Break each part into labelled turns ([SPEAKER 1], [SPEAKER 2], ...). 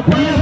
[SPEAKER 1] Apoya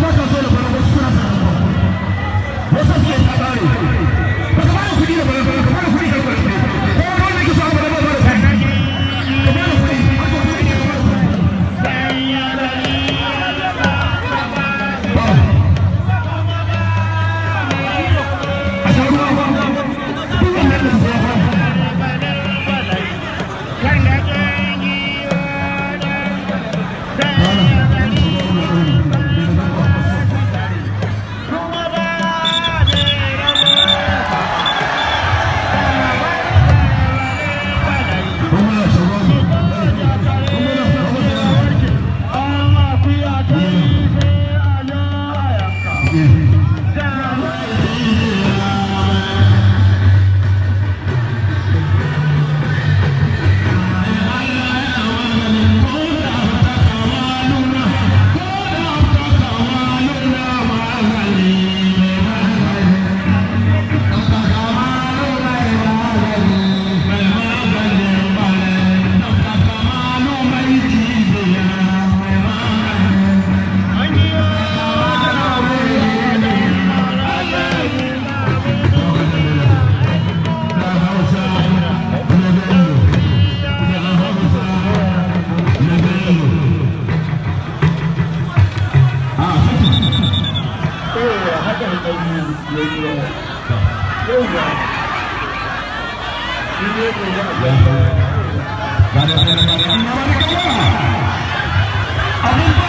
[SPEAKER 1] ba ka so da farko suna sa wasu suke ta ƙare Bagaimana, bagaimana, bagaimana, bagaimana, bagaimana,